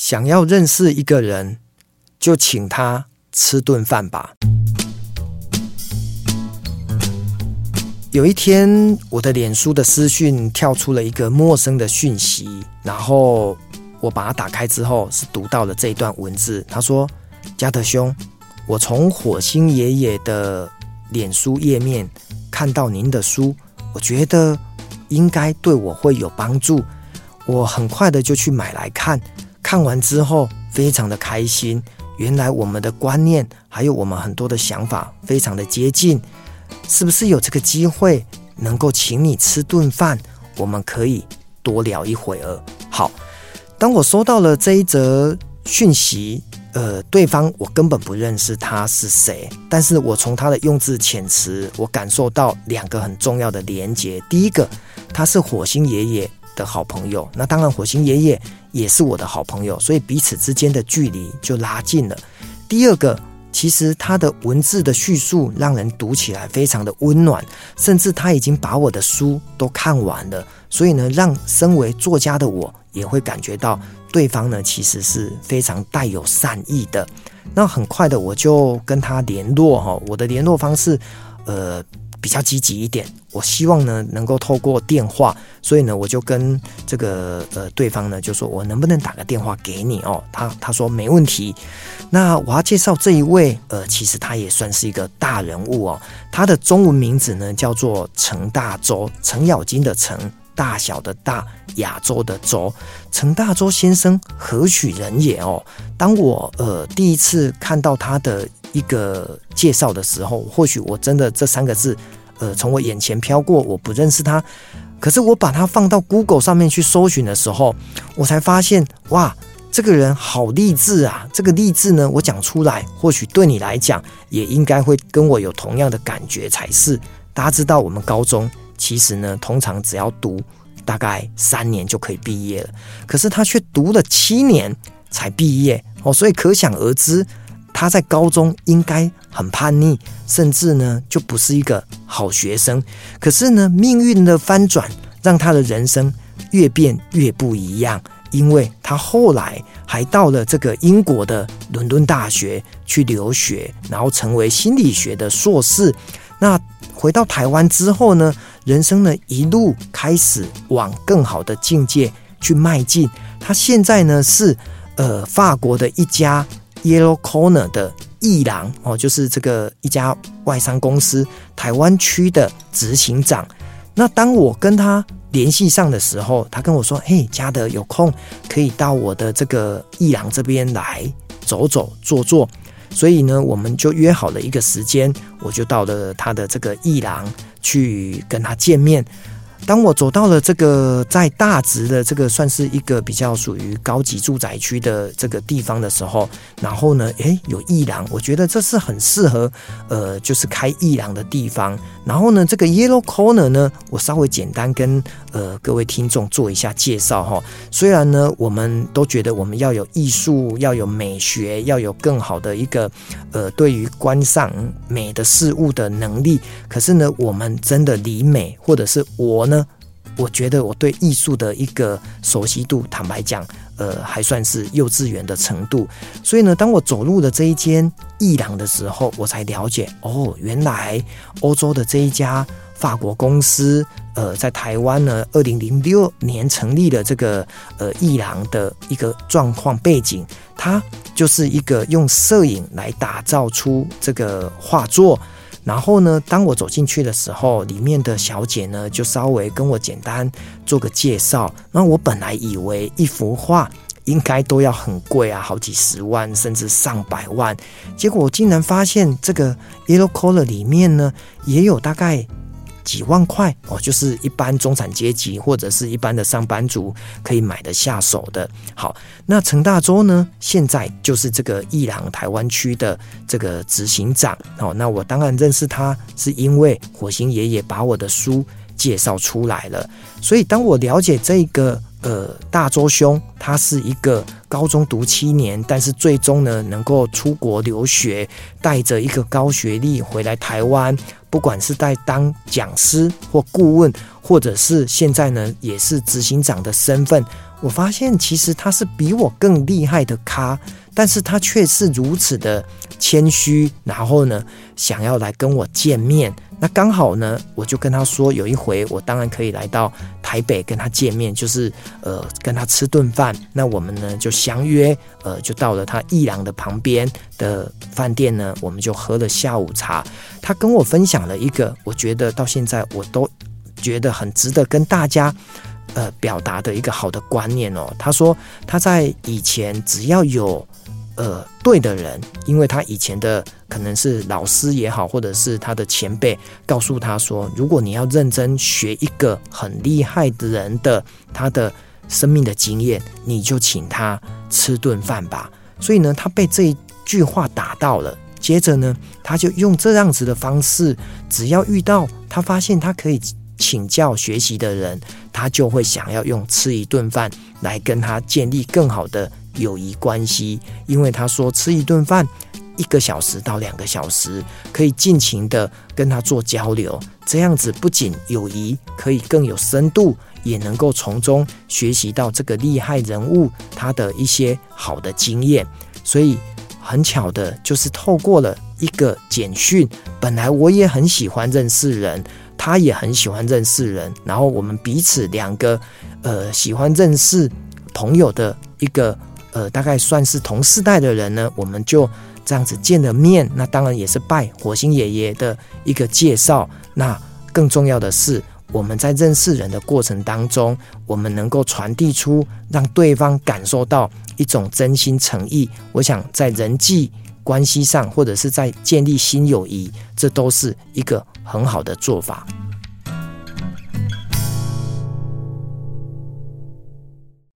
想要認識一個人，就請他吃頓飯吧。有一天，我的臉書的私訊跳出了一個陌生的訊息，然後我把它打開之後，是讀到了這段文字。他說：“加德兄，我從火星爺爺的臉書頁面看到您的書，我覺得應該對我會有幫助，我很快的就去買來看。”看完之後非常的開心，原來我們的觀念還有我們很多的想法非常的接近，是不是有這個機會能夠請你吃頓飯，我們可以多聊一會兒？好，當我收到了這一則訊息，呃，對方我根本不認識他是誰，但是我從他的用字遣詞，我感受到兩個很重要的連結，第一個，他是火星爺爺的好朋友，那當然火星爺爺。也是我的好朋友，所以彼此之間的距離就拉近了。第二個，其實他的文字的敘述讓人讀起來非常的溫暖，甚至他已經把我的書都看完了。所以呢，讓身為作家的我也會感覺到對方呢其實是非常帶有善意的。那很快的我就跟他聯絡哈，我的聯絡方式，呃。比較積極一點，我希望呢能夠透過電話，所以呢我就跟這個呃對方呢就說，我能不能打個電話給你哦？他他說沒問題。那我要介紹這一位，呃，其實他也算是一個大人物哦。他的中文名字呢叫做程大洲，程咬金的程。大小的“大”，亞洲的州“洲”，程大洲先生何許人也？哦，當我呃第一次看到他的一個介紹的時候，或許我真的這三個字，呃，從我眼前飄過，我不認識他。可是我把它放到 Google 上面去搜尋的時候，我才發現，哇，這個人好勵志啊！這個勵志呢，我講出來，或許對你來講，也應該會跟我有同樣的感覺才是。大家知道，我們高中。其實呢，通常只要讀大概三年就可以畢業了，可是他卻讀了七年才畢業哦，所以可想而知，他在高中應該很叛逆，甚至呢就不是一個好學生。可是呢，命運的翻轉讓他的人生越變越不一樣，因為他後來還到了這個英國的倫敦大學去留學，然後成為心理學的碩士。那回到台灣之後呢，人生呢，一路開始往更好的境界去邁進。他現在呢是呃法國的一家 YellowKorner 的藝廊哦，就是這個一家外商公司台灣區的執行長。那當我跟他聯繫上的時候，他跟我說：“嘿，嘉德有空可以到我的這個藝廊這邊來走走坐坐。”所以呢，我們就約好了一個時間，我就到了他的這個藝廊去跟他見面。當我走到了這個在大直的這個算是一個比較屬於高級住宅區的這個地方的時候，然後呢，誒，有藝廊，我覺得這是很適合，呃，就是開藝廊的地方。然後呢，這個 YellowKorner 呢，我稍微簡單跟呃各位聽眾做一下介紹哈、哦。雖然呢，我們都覺得我們要有藝術，要有美學，要有更好的一個呃對於觀賞美的事物的能力，可是呢，我們真的離美或者是我。呢，我覺得我對藝術的一個熟悉度，坦白講，呃，還算是幼稚園的程度。所以呢，當我走入了這一間藝廊的時候，我才了解，哦，原來歐洲的這一家法國公司，呃，在台灣呢，二零零六年成立了這個呃藝廊的一個狀況背景，它就是一個用攝影來打造出這個畫作。然後呢，當我走進去的時候，裡面的小姐呢，就稍微跟我簡單做個介紹。那我本來以為一幅畫應該都要很貴啊，好幾十萬甚至上百萬，結果我竟然發現這個 YellowKorner 裡面呢，也有大概。幾萬塊哦，就是一般中產階級或者是一般的上班族可以買得下手的。好，那程大洲呢？現在就是這個藝廊台灣區的這個執行長哦。那我當然認識他，是因為火星爺爺把我的書介紹出來了。所以當我了解這個。呃，大洲兄，他是一個高中讀七年，但是最終呢，能夠出國留學，帶着一個高學歷回來台灣，不管是在當講師或顧問，或者是現在呢，也是執行長的身份。我發現其實他是比我更厲害的咖，但是他卻是如此的謙虛，然後呢，想要來跟我見面。那剛好呢，我就跟他說，有一回我當然可以來到台北跟他見面，就是呃跟他吃頓飯。那我們呢就相約，呃就到了他藝廊的旁邊的飯店呢，我們就喝了下午茶。他跟我分享了一個，我覺得到現在我都覺得很值得跟大家呃表達的一個好的觀念哦。他說他在以前只要有。呃，對的人，因為他以前的可能是老師也好，或者是他的前輩，告訴他說，如果你要認真學一個很厲害的人的他的生命的經驗，你就請他吃頓飯吧。所以呢，他被這一句話打到了。接着呢，他就用這樣子的方式，只要遇到他發現他可以請教學習的人，他就會想要用吃一頓飯來跟他建立更好的。友誼關係，因為他說吃一頓飯，一個小時到兩個小時，可以盡情的跟他做交流，這樣子不僅友誼可以更有深度，也能夠從中學習到這個厲害人物他的一些好的經驗。所以很巧的，就是透過了一個簡訊，本來我也很喜歡認識人，他也很喜歡認識人，然後我們彼此兩個，呃，喜歡認識朋友的一個。呃，大概算是同世代的人呢，我們就這樣子見了面。那當然也是拜火星爺爺的一個介紹。那更重要的是，是我們在認識人的過程當中，我們能夠傳遞出讓對方感受到一種真心誠意。我想，在人際關係上，或者是在建立新友誼，這都是一個很好的做法。